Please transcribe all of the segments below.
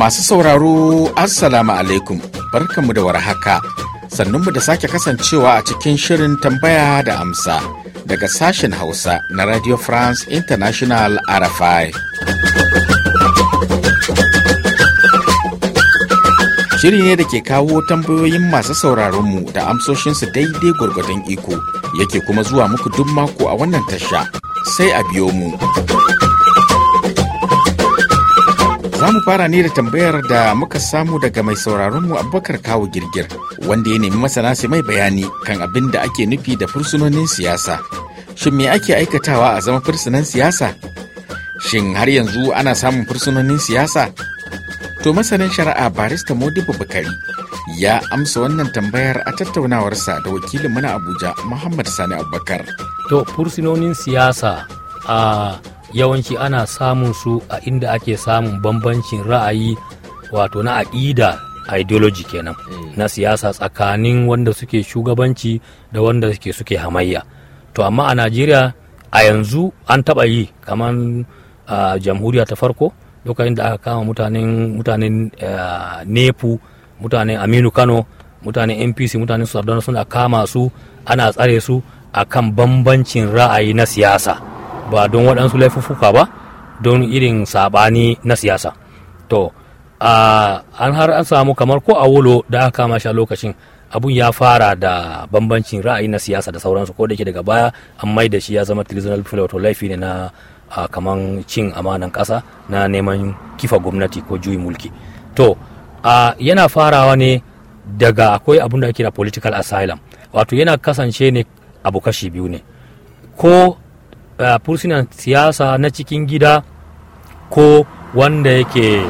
Masu sauraro, Assalamu alaikum, barkanmu da warhaka, sannunmu da sake kasancewa a cikin shirin tambaya da amsa daga sashen Hausa na Radio France International RFI. Shiri ne da ke kawo tambayoyin masu sauraronmu da amsoshinsu daidai gwargwadon iko yake kuma zuwa muku duk mako a wannan tasha sai a biyo mu. Za mu fara ne da tambayar da muka samu daga mai sauraronmu Abubakar Kawo Girgir wanda ya nemi masana su mai bayani kan abin da ake nufi da fursunonin siyasa. Shin me ake aikatawa a zama fursunan siyasa? Shin har yanzu ana samun fursunonin siyasa? To masanin shari'a barista Modibo Bukari ya amsa wannan tambayar a tattaunawarsa da wakilin mana Abuja Muhammad Sani Abubakar. To fursunonin siyasa a yawanci ana samun su a inda ake samun bambancin ra'ayi wato na aƙida ideology kenan mm. na siyasa tsakanin wanda suke shugabanci da wanda suke suke hamayya to amma a najeriya a yanzu an taɓa yi kamar jamhuriya ta farko lokacin da aka kama mutanen mutanen eh, nepu mutanen aminu kano mutanen npc mutanen sardauna suna kama su ana tsare su a kan bambancin ra'ayi na siyasa ba don waɗansu laifuffuka ba don irin saɓani na siyasa to an har an samu kamar ko a wolo da aka kama shi a lokacin abun ya fara da bambancin ra'ayi na siyasa da sauransu ko da ke daga baya an mai da shi ya zama treasonal to laifi ne na a kaman cin amanan ƙasa na neman kifa gwamnati ko juyin mulki to a yana farawa ne daga akwai abin da ake da political asylum wato yana kasance ne abu kashi biyu ne ko a fursunan siyasa na cikin gida ko wanda yake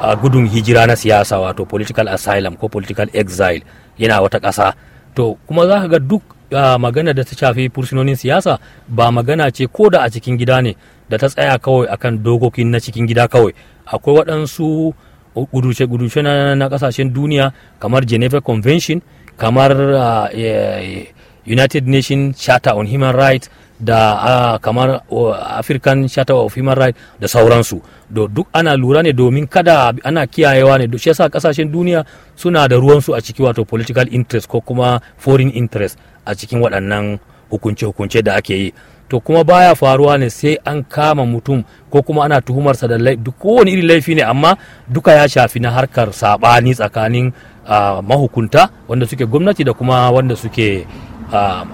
a gudun hijira na siyasa wato political asylum ko political exile yana wata ƙasa to kuma za ka ga duk magana da ta shafi fursunonin siyasa ba magana ce ko da a cikin gida ne da ta tsaya kawai akan dokokin na cikin gida kawai akwai waɗansu gudushe guduce na kasashen duniya kamar geneva convention kamar e, united nations charter on human rights da kamar african charter of human rights da sauransu do duk ana lura ne domin kada ana kiyayewa ne shi yasa kasashen duniya suna da ruwansu a ciki wato political interest ko kuma foreign interest a cikin waɗannan hukunce-hukunce da ake yi to kuma baya faruwa ne sai an kama mutum ko kuma ana tuhumarsa da kowane irin laifi ne amma duka ya shafi na harkar saɓani tsakanin mahukunta wanda suke gwamnati da kuma wanda suke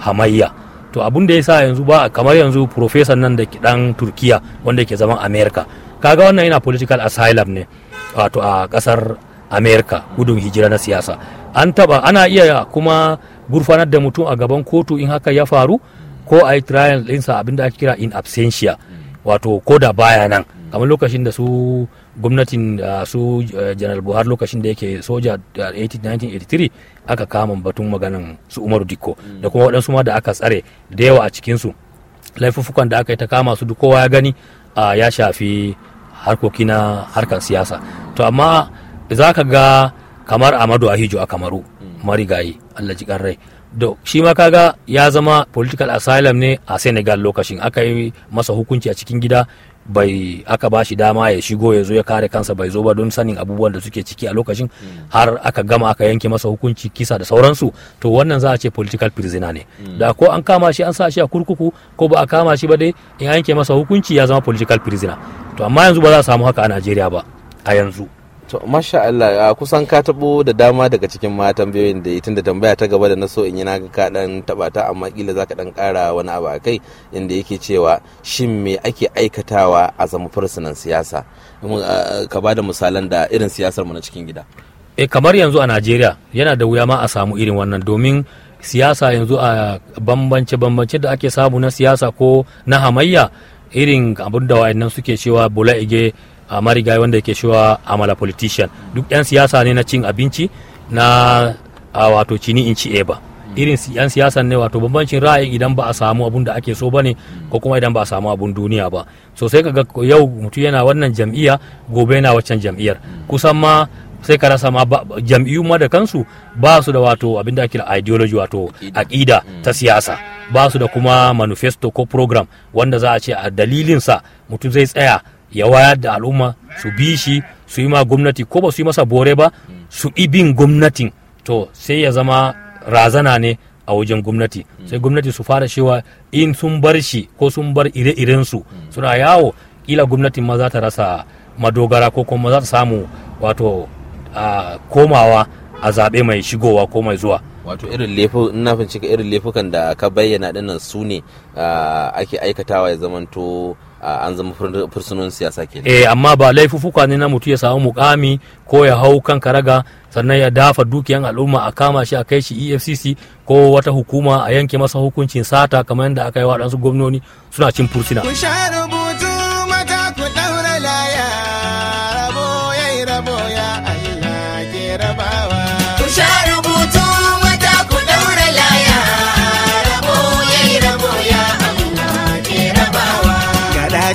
hamayya to abun da ya sa yanzu ba kamar yanzu profesan nan da dan turkiya wanda ke zaman america kaga wannan yana political asylum ne wato a kasar america gudun hijira na siyasa an taba ana iya kuma gurfanar da mutum a gaban kotu in haka ya faru ko a yi trial ɗinsa abinda ake kira in absentia wato ko da baya nan kamar lokacin da su gwamnatin ah, su janar eh, buhari lokacin da yake soja 1983 ah, aka kama batun maganan su umaru dikko da kuma waɗansu ma da aka tsare da yawa a cikinsu laifufukan da aka yi ta kama su duk kowa ya gani ah, ya shafi harkoki na harkar siyasa to amma za ka ga kamar amadu ahijo a kamaru marigayi Allah ji rai do shi ma kaga ya zama political asylum ne a Senegal lokacin aka yi masa hukunci a cikin gida bai aka ba shi dama ya shigo ya zo ya kare kansa bai zo ba don sanin abubuwan da suke ciki a lokacin hmm. har aka gama aka yanke masa hukunci kisa da sauransu to wannan za a ce political prisoner ne hmm. da ko an kama shi an sa shi a kurkuku ko ba a kama shi ba dai in yanke masa hukunci ya zama political prisoner to amma yanzu ba za a samu haka a Najeriya ba a yanzu To masha Allah kusan ka taɓo da dama daga cikin matan tambayoyin da tun da tambaya ta gaba da na so in yi naga ka dan taba ta amma kila zaka ɗan ƙara wani abu a kai inda yake cewa shin me ake aikatawa a zama fursunan siyasa ka ba da misalan da irin siyasar mu na cikin gida. E kamar yanzu a Najeriya yana da wuya ma a samu irin wannan domin siyasa yanzu a bambance bambance da ake samu na siyasa ko na hamayya irin abin da wa'annan suke cewa Bola ige marigayi wanda yake shiwa amala politician duk 'yan siyasa ne na cin abinci na wato cini in ci eba irin yan siyasa ne wato bambancin ra'ayi idan ba a samu abun da ake so ba ne ko kuma idan ba a samu abun duniya ba so sai kaga yau mutum yana wannan jam'iyya gobe yana waccan jam'iyyar kusan ma sai ka rasa ma jam'iyyu ma da kansu ba su da wato abin da ake da ideology wato aqida mm. ta siyasa ba su da kuma manifesto ko program wanda za a ce a dalilin sa mutum zai tsaya ya wayar da al'umma su bi shi su yi ma gwamnati ko ba su yi masa bore ba su bin gwamnatin to sai ya zama razana ne a wajen gwamnati sai gwamnati su fara cewa in sun bar shi ko sun bar ire-irensu suna yawo kila gwamnatin ma za ta rasa madogara ko kuma za ta samu wato komawa a zaɓe mai shigowa ko mai zuwa wato irin lefu na fahimci irin lefukan da ka bayyana dinnan su ne ake aikatawa ya zamanto an zama fursunan siyasa ke eh amma ba laifufuka ne na mutu ya samu mukami ko ya hau kan karaga sannan ya dafa dukiyan al'umma a kama shi a kai shi EFCC ko wata hukuma a yanke masa hukuncin sata kamar yadda aka yi wa gwamnoni suna cin fursuna.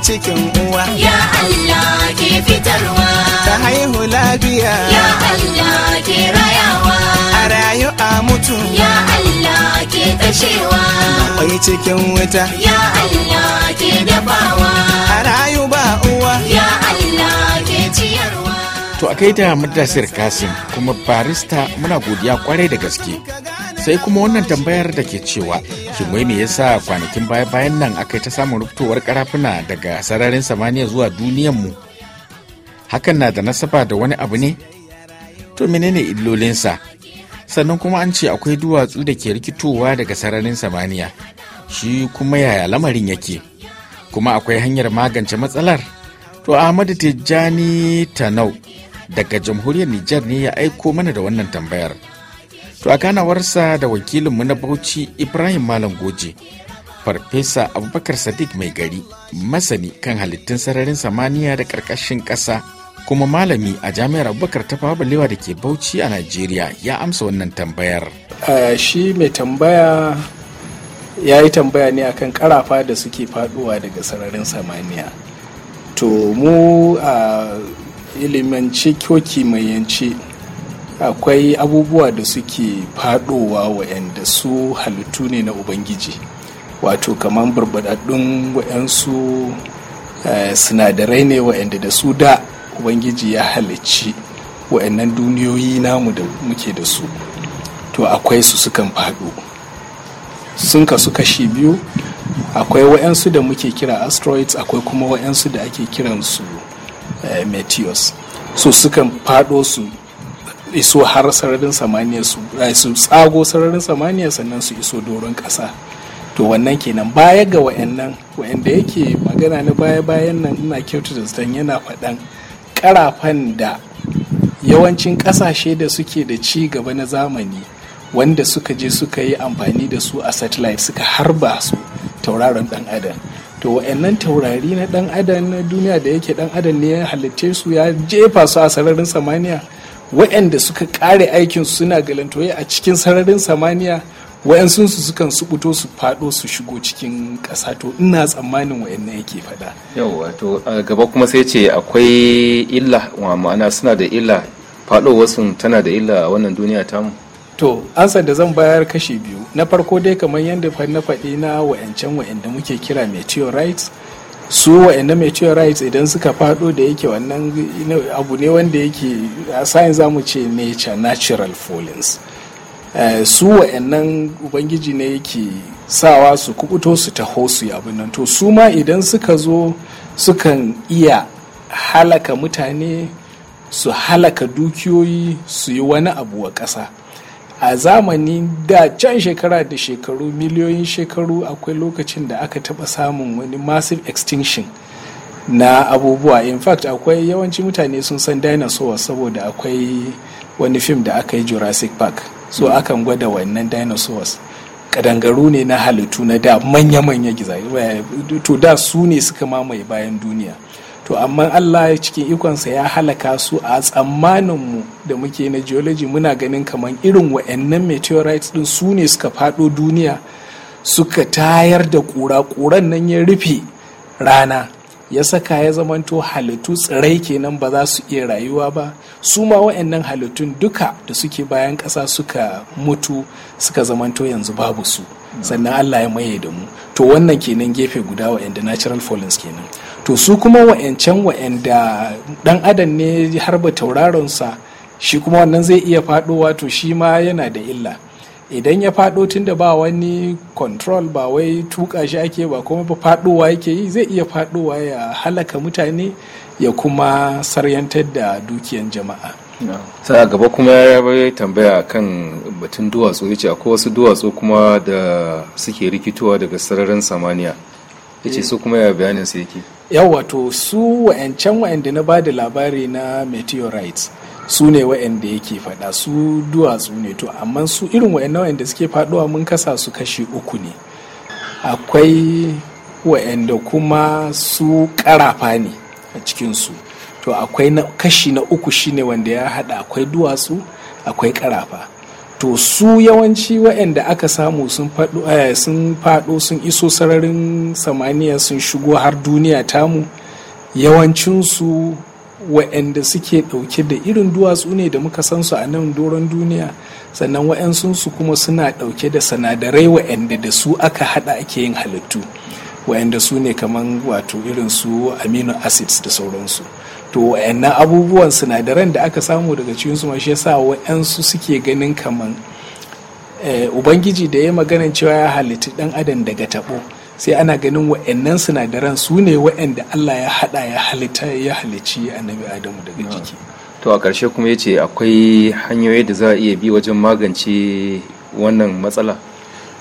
cikin uwa ya Allah ke fitarwa ta haihu lafiya ya Allah ke rayawa a rayu a mutu ya Allah ke tashewa akwai cikin wuta ya Allah ke dafawa a rayu ba uwa ya Allah ke ciyarwa to a kai da matasir kasim kuma barista muna godiya kwarai da gaske sai kuma wannan tambayar da ke cewa shin wai me yasa kwanakin baya bayan nan aka yi ta samun rubutowar karafuna daga sararin samaniya zuwa mu? hakan na da nasaba da wani abu ne to menene illolinsa sannan kuma an ce akwai duwatsu da ke rikitowa daga sararin samaniya shi kuma yaya lamarin yake kuma akwai hanyar magance matsalar to ahmadu tijjani tanau daga jamhuriyar nijar ne ya aiko mana da wannan tambayar to a ganawarsa da wakilinmu na bauchi ibrahim malam goje farfesa abubakar sadiq mai gari masani kan halittun sararin samaniya da ƙarƙashin ƙasa kuma malami a jami'ar abubakar ta balewa da ke bauchi a najeriya ya amsa wannan tambayar shi mai tambaya ya yi tambaya ne akan karafa da suke faduwa daga sararin samaniya to mu a uh, ilimin mai akwai abubuwa da suke fadowa wa'yanda su halittu ne na ubangiji wato kamar barbadaddun wa'yansu eh, sinadarai ne wa'yanda da su da ubangiji ya halicci wa'yannan duniyoyi namu da muke da su to akwai su sukan fado sun kasu kashi biyu akwai wa'yansu da muke kira asteroids akwai kuma wa'yansu da ake kiransu eh, meteors su sukan fado su iso har sararin samaniya su eh, su tsago sararin samaniya sannan su iso doron ƙasa to wannan kenan baya ga wayannan wayanda yake magana na baya bayan nan ina kyautata zaton yana faɗan karafan da yawancin ƙasashe da suke da ci gaba na zamani wanda suka je suka yi amfani da su a satellite suka harba su tauraron dan adam to wayannan taurari na dan adam na duniya da yake dan adam ne ya halitte su ya jefa su a sararin samaniya waɗanda suka ƙare aikin suna galantoye a cikin sararin samaniya wayansu su sukan subuto su fado su shigo cikin ƙasa to ina tsammanin wayannan yake faɗa yawwa to gaba kuma sai ce akwai illa ma'ana suna da illa fado wasu tana da illa a wannan duniya tamu to ansa da zan bayar kashi biyu na farko dai kamar yadda na faɗi na wayancan wayanda muke kira meteorites su wa'anda mai cewa rights idan suka fado da yake wannan abu ne wanda yake a science zamu ce nature natural fallings eh, su wa'annan ubangiji ne yake sawa su kubuto su taho su yi abin nan to su ma idan suka zo sukan iya halaka mutane su halaka dukiyoyi su yi wani abu wa ƙasa a zamanin da can shekara da shekaru miliyoyin shekaru akwai lokacin da aka taɓa samun wani massive extinction na abubuwa in fact akwai yawanci mutane sun san dinosaurs saboda akwai wani fim da aka yi jurassic park so mm akan gwada wannan dinosaurs kadangaru ne na halittu na da manya-manya gizaye to da su ne suka mamaye bayan duniya to amma allah ya cikin ikonsa ya halaka su a tsammaninmu da muke na geology muna ganin kamar irin wa'annan meteorites din su ne suka faɗo duniya suka tayar da ƙura ƙuran nan ya rufe rana ya saka ya zamanto halittu tsirai kenan ba za su iya rayuwa ba su ma wa'annan halittun duka da suke bayan ƙasa suka mutu suka zamanto yanzu babu su sannan allah ya maye da mu to wannan kenan gefe guda wa'anda natural fallings kenan to su kuma wa'yancan wa'yanda dan adam ne harba tauraronsa shi kuma wannan zai iya faɗowa to shi ma yana da illa idan ya faɗo tun da ba wani control ba wai tuka shi ake ba kuma ba faɗowa yake yi zai iya faɗowa ya halaka mutane ya kuma saryantar da dukiyan jama'a sai gaba kuma ya tambaya kan batun duwatsu ya ce akwai wasu duwatsu kuma da suke rikitowa daga sararin samaniya ya ce eh. su kuma ya bayanin su yake yawa to su wa'ancan wa'anda na bada labari na meteorites su ne wa'anda yake fada su duwatsu ne to amma su irin wa'annan wa'anda suke faɗuwa mun kasa su kashi uku ne akwai wa'anda kuma su karafa ne a cikinsu to akwai kashi na uku shine wanda ya hada akwai duwatsu akwai karafa. to su yawanci waɗanda aka samu eh, sun faɗo sun iso sararin samaniya sun shigo har duniya tamu yawancinsu waɗanda suke ɗauke da irin duwatsu ne da muka san su a nan doron duniya sannan waɗansunsu kuma suna ɗauke da sanadarai waɗanda da su aka haɗa ake yin halittu waɗanda su ne kamar wato irin su amino acids da sauransu to wayannan abubuwan sinadaran da aka samu daga cikin ma shi yasa wa'yansu suke ganin kaman eh, ubangiji da ya magana cewa ya halitta dan adam daga tabo sai ana ganin wayannan sinadaran su ne wayanda Allah ya hada ya halitta ya halici annabi adam daga jiki to a karshe kuma ya ce akwai hanyoyi da za a iya bi wajen magance wannan matsala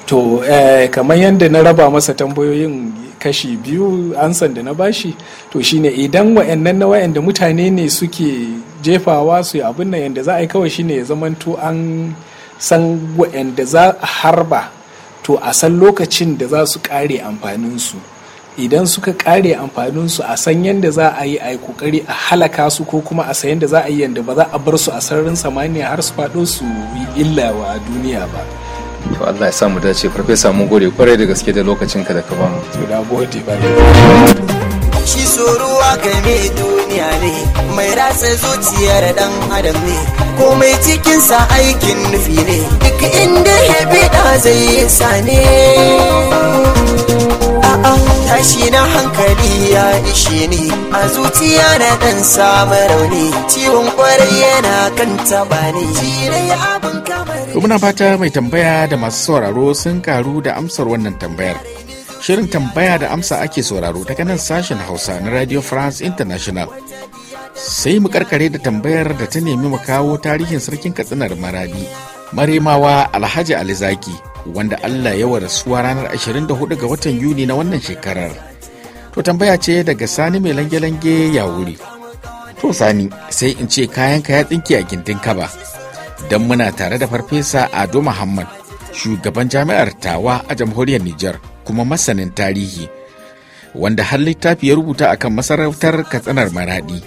to eh, kamar yadda na raba masa tambayoyin kashi biyu ansan da na bashi to shine idan wa'annan na wa'anda mutane ne suke jefawa su yi abin nan yadda za a yi kawai shine ya zama zamanto an san wa'anda za a harba to a san lokacin da za su kare amfaninsu idan suka kare amfaninsu a san yadda za a yi a yi kokari a halaka su ko kuma a san yadda za a yi yadda ba za a bar su a sararin samaniya har su faɗo su yi illa wa duniya ba to Allah ya sa mu dace farfesa mun gode kwarai da gaske da lokacin ka da ka bamu to da gode ba shi soruwa kai me duniya ne mai ratsa zuciyar dan adam ne komai cikin sa aikin nufi ne duk inda ya da zai sa ne tashi na hankali ya ishe ni a zuciya na dan samu rauni ciwon kwarai yana kan taba ne to muna fata mai tambaya da masu sauraro sun karu da amsar wannan tambayar shirin tambaya da amsa ake sauraro daga nan sashen hausa na radio france international sai mu karkare da tambayar da ta nemi mu kawo tarihin sarkin katsinar maradi maremawa alhaji alizaki wanda Allah ya wa rasuwa ranar 24 ga watan Yuni na wannan shekarar. To tambaya ce daga Sani mai lange-lange ya wuri. To Sani sai in ce kayan ya tsinke a gindin ka ba. Don muna tare da farfesa Ado Muhammad, shugaban jami'ar Tawa a jamhuriyar Nijar kuma masanin tarihi, wanda har littafi ya rubuta akan masarautar Katsinar Maradi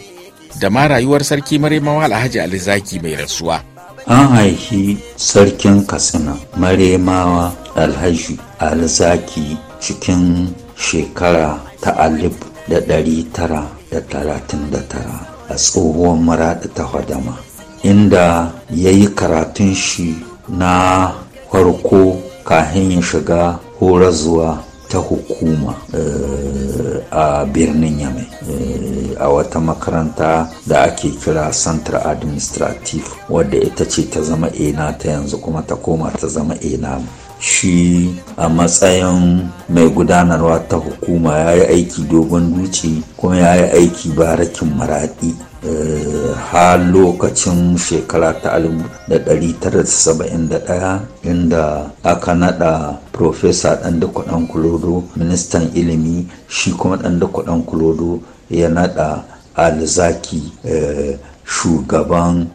da ma rayuwar sarki Maremawa Alhaji Alizaki mai rasuwa. an haifi sarkin katsina maremawa alhaji alzaki cikin shekara ta alif da ɗari tara da talatin da tara a tsohuwar maraɗi ta hadama inda ya yi karatun shi na farko kahin ya shiga zuwa ta hukuma eh, a birnin yamai eh, a wata makaranta da ake kira Central Administrative wadda ita ce ta zama ena ta yanzu kuma ta koma ta zama ena shi a matsayin mai gudanarwa ta hukuma ya yi aiki dogon duci kuma ya yi aiki barakin maraɗi eh, ha lokacin shekara ta 1971 inda aka nada profesa ɗan da kulodo ministan ilimi shi kuma ɗan da kulodo ya naɗa alzaki eh, shugaban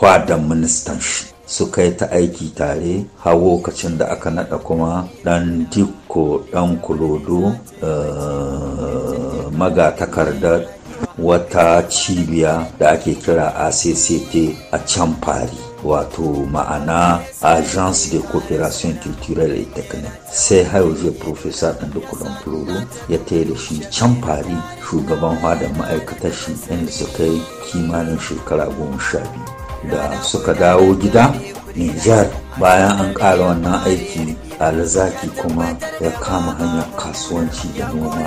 hwadan eh, ministan shi suka yi ta aiki tare hawo kacin da aka naɗa kuma ɗan dikko ɗan kulodo eh, magatakardar wata cibiya da ake kira acct a can fari wato ma'ana agence de coopération culturelle et technique sai hayauje professor ɗin da kudin ya taya da shi can fari shugaban da ma'aikatar shi da suka yi kimanin shekara goma sha biyu da suka dawo gida nijar bayan an ƙara wannan aiki alzaki kuma ya kama hanyar kasuwanci da noma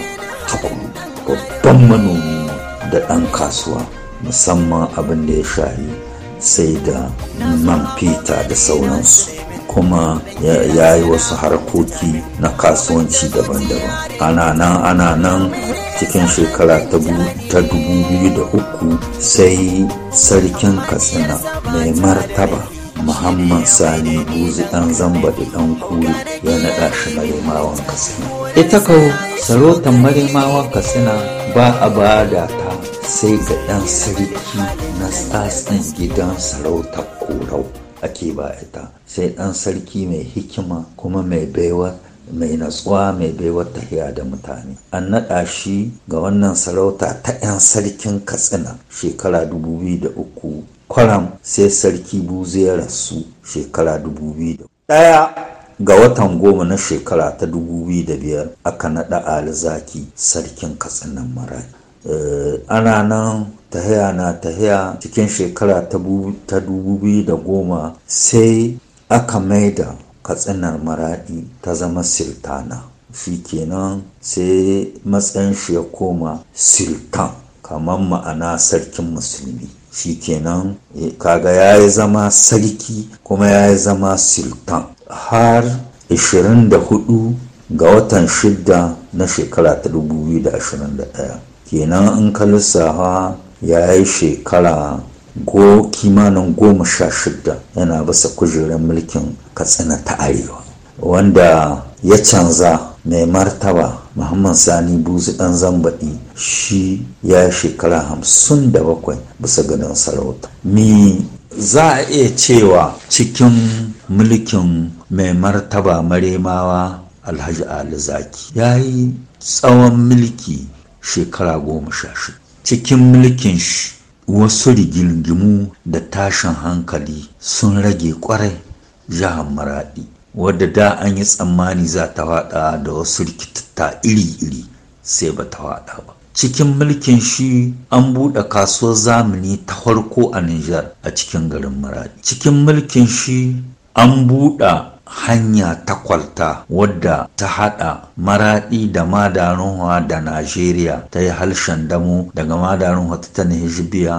tukuru babban manomi da ɗan kasuwa musamman abin da ya shayi sai da man fita da sauransu kuma ya yi wasu harkoki na kasuwanci daban-daban ana nan ana nan cikin shekara ta dubu biyu da uku sai sarkin katsina mai martaba muhammad sani buzi dan zamba da dan kuri ya naɗa shi marimawan katsina ita kawo sarautar marimawan katsina ba a ba da ta sai ga ɗan sarki na tsatsan gidan sarauta korau ake ba ita sai ɗan sarki mai hikima kuma mai baiwa mai natsuwa mai baiwar tahiya da mutane an naɗa shi ga wannan sarauta ta 'yan sarkin katsina shekara 2003 kwaram sai sarki buzu ya rasu shekara 2000 ɗaya ga watan goma na shekara ta 2005 aka naɗa alizaki sarkin katsinan maraki Eh, ana nan tahiya na tahiya cikin shekara ta dubu biyu da goma sai aka maida katsinar maraɗi ta zama sultana shi kenan sai matsayin shi ya koma sultan kamar ma'ana sarkin musulmi shi kenan eh, kaga ya yi zama sarki kuma ya yi zama sultan har 24 ga watan shidda na shekara ta 2021 kenan in ka lissafa ya yi shekara go kimanin goma sha shida yana bisa kujerar mulkin katsina ta arewa wanda ya canza mai martaba muhammad sani buzu dan zambaɗi shi ya yi shekara hamsin da bakwai bisa gadon sarauta mi za a iya cewa cikin mulkin mai martaba maremawa alhaji ali zaki ya yi tsawon mulki shekara goma sha shi. cikin mulkin shi wasu rigingimu da tashin hankali sun rage kwarai jihar maradi wadda da an yi tsammani za ta wada da wasu rikitatta iri-iri sai ba ta wada ba cikin mulkin shi an buɗe kasuwar zamani ta farko a Nijar a cikin garin Maradi. Cikin mulkin shi an buɗe hanya ta kwalta wadda ta haɗa maraɗi da madarunwa da najeriya ta yi harshen damu daga madarunwa ta tanihi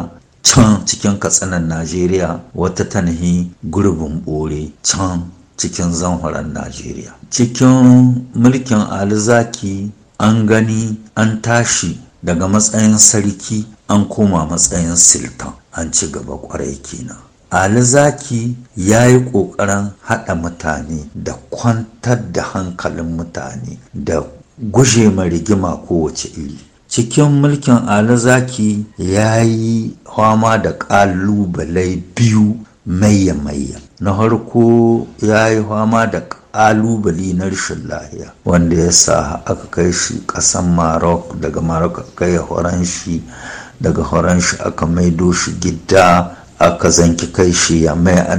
can cikin katsinan najeriya wata tanihi gurbin bore can cikin zanhoron najeriya cikin mulkin alizaki an gani an tashi daga matsayin sarki an koma matsayin siltan an ci gaba kwarai kenan Ali Zaki ya yi ƙoƙarin haɗa mutane da kwantar da hankalin mutane da guje ma rigima kowace iri. Cikin mulkin Ali Zaki ya yi fama da ƙalubalai biyu maye-maye. Na farko ya yi fama da ƙalubali na rashin lahiya wanda ya sa aka kai shi ƙasan Marok daga Marok aka kai horon shi daga horon shi aka maido shi gida aka zanki kai shi ya mai a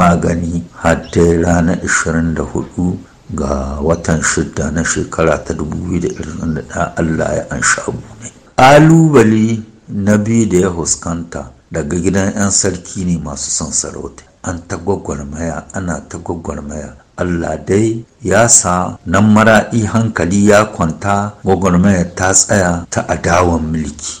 magani har dai ranar 24 ga watan shidda na shekara ta 2021 Allah ya anshi abu ne. Alubali na biyu da ya huskanta daga gidan 'yan sarki ne masu son sarauta. An ta gwagwarmaya ana ta gwagwarmaya Allah dai ya sa nan mara'i hankali ya kwanta gwagwarmaya ta tsaya ta adawan mulki.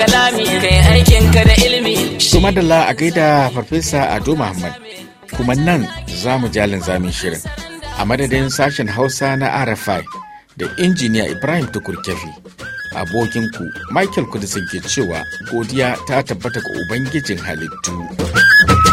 kalami kai aikin ka da ilimi Su madalla a gaida farfesa ado muhammad kuma nan za mu jalin zamin shirin a madadin sashen hausa na rfi da injiniya ibrahim tukur kefi abokinku michael kudisin ke cewa godiya ta tabbata ga ubangijin halittu